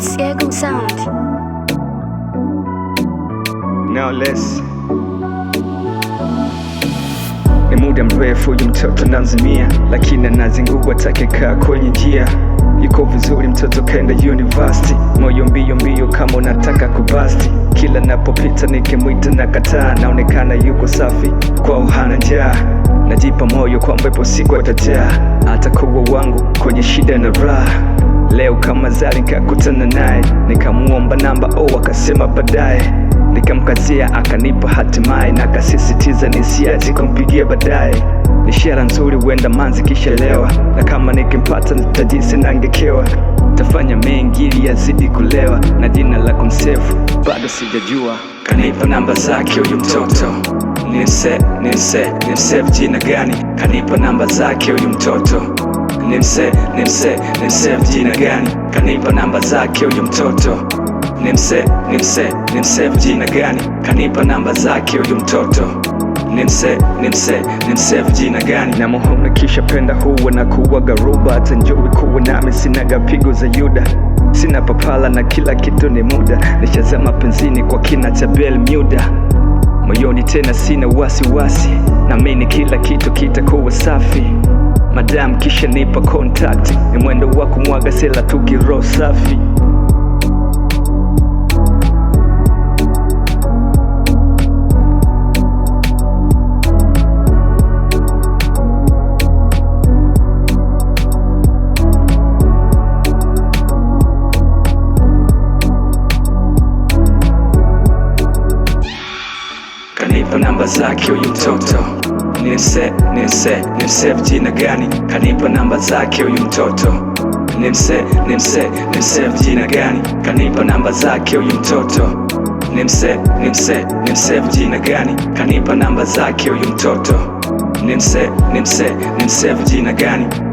Siegel Sound. Now let's ni muda mrefu huyu mtoto nazimia lakini anazingua takikaa kwenye njia yuko vizuri mtoto kaenda university, moyo mbio mbio kama unataka kubasti. Kila napopita nikimwita na kataa, naonekana yuko safi kwao, hana njaa. Najipa moyo kwamba ipo siku atajaa, atakuwa wangu kwenye shida na raha. Leo kama Zari nikakutana naye, nikamuomba namba o, akasema baadaye, nikamkazia akanipa hatimaye, na akasisitiza nisiache kumpigia baadaye. Ni ishara nzuri, huenda manzi kishalewa, na kama nikimpata nitajisi nangekewa, tafanya mengi ili yazidi kulewa, na jina la kumsefu bado sijajua. Kanipa namba zake huyu mtoto nise, jina gani? Kanipa namba zake huyu mtoto Nimse, nimse, nimse mjina gani? Kanipa namba zake huyo mtoto. Nimse, nimse, nimse mjina gani? Kanipa namba zake huyo mtoto. Nimse, nimse, nimse jina gani? Na muhona kisha penda huwa na kuwaga garuba, hata njoi kuwa nami sinaga pigo za Yuda, sina papala na kila kitu ni muda, nishazama penzini kwa kina cha Bermuda, moyoni tena sina wasiwasi, naamini kila kitu kitakuwa safi madam, kisha nipa contact. Ni mwendo wa kumwaga sela tukiro safi Kanipa namba zake huyu mtoto nimse nimse nimse vijina gani kanipa namba zake huyu mtoto nimse nimse nimse vijina gani kanipa namba zake huyu mtoto nimse nimse nimse vijina gani kanipa namba zake huyu mtoto nimse nimse nimse vijina gani